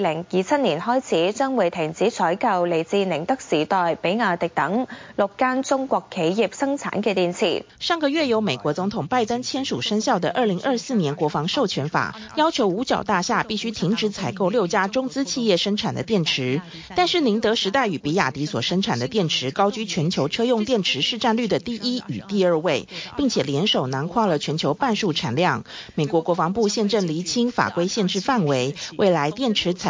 零二七年開始將會停止採購嚟自寧德時代、比亞迪等六間中國企業生產嘅電池。上個月由美國總統拜登簽署生效的《二零二四年國防授權法》，要求五角大廈必須停止採購六家中資企業生產的電池。但是寧德時代與比亞迪所生產的電池高居全球車用電池市占率的第一與第二位，並且聯手囊括了全球半數產量。美國國防部現正釐清法規限制範圍，未來電池產